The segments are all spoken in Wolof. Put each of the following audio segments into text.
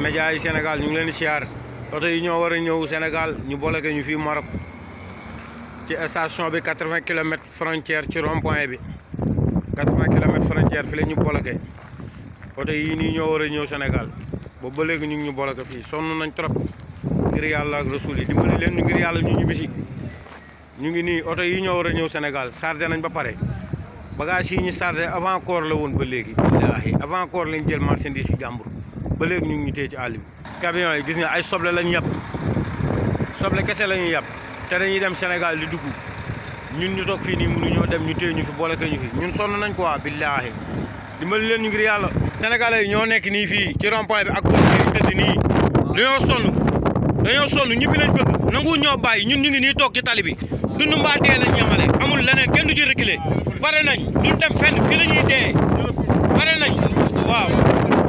média yi Sénégal ñu ngi leen di siyaar oto yi ñoo war a ñëw Sénégal ñu bloqué ñu fii Maroc ci station bi 80 kilomètres frontière ci rond point bi 80 kilomètres frontière fi la ñu bloqué oto yi nii ñoo war a ñëw Sénégal boobu ba léegi ñu ngi ñu bloqué fii sonn nañ trop ngir yàlla ak rasul yi dimbali leen ñu ngir yàlla ñu ñu bisi ñu ngi nii oto yi ñoo war a ñëw Sénégal chargé nañ ba pare bagage yi ñu chargé avant corps la woon ba léegi. wallaahi avant corps lañ jël marchandise yu jàmbur. ba léegi ñu ngi ñu ci àll bi camion yi gis nga ay soble lañu yàpp soble kese la ñuy yàpp te dañuy dem Sénégal di dugg ñun ñu toog fii nii mënu ñoo dem ñu téye ñu fi boole ko ñu fi ñun sonn nañ quoi billaahi dimbali leen ñu ngir yàlla sénégalais yi ñoo nekk nii fii ci rond-point bi ak boo tëdd nii dañoo sonn dañoo sonn ñibbi lañ bëgg nangu ñoo bàyyi ñun ñu ngi nii toog ci tali bi dund mbaa dee lañ ñamale amul leneen kenn du ci nañ duñ dem fenn fii la ñuy dee pare nañ waaw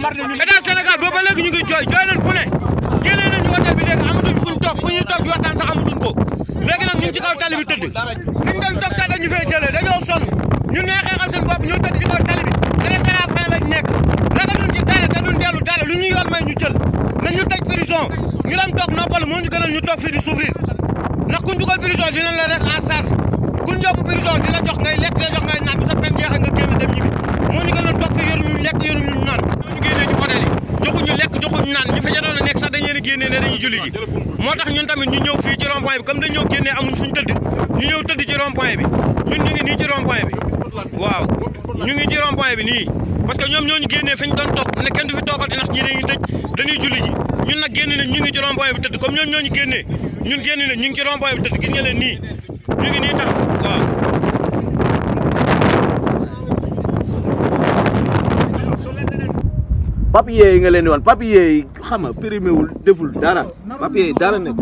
état Sénégal boobu léegi ñu ngi jooy jooy nañ fu ne génnee nañu hôtel bi léegi amatuñ fu ñu toog fu ñuy toog di waxtaan sax amatuñ ko léegi nag ñu ngi ci kaw tali bi ñu tëdd ci kaw tali bi dara fin lañ nekk ragaluñ ci dara te duñ dellu dara lu ñu yoon may ñu jël nañ ñu tëj prison ñu dem toog noppalu moo ñu gënal ñu toog fii di souffrir ndax kuñ dugal prison prison di la jox ngay lekk di la jox ngay naan bu sa peine jeexee nga génne génnee ne dañuy julli moo tax ñun tamit ñu ñëw fii ci rond point bi comme dañoo génnee amuñ fuñ tëdd ñu ñëw tëdd ci rond point bi ñun ñu ngi nii ci rond bi waaw ñu ci rond bi nii parce que ñoom ñoo ñu génnee fi ñu doon toog ne kenn du fi toogati ndax ñi dañuy tëj dañuy julli ñun nag génn nañ ñu ngi ci rond point bi tëdd comme ñoom ñoo ñu génnee ñun génn nañ ñu ngi ci rond point ñu ngi nii tax waaw papier yi nga leen di woon papier xam nga périmé wul deful dara papier yi dara nekk.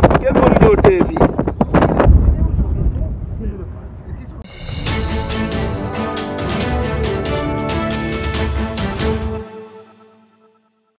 waaye bu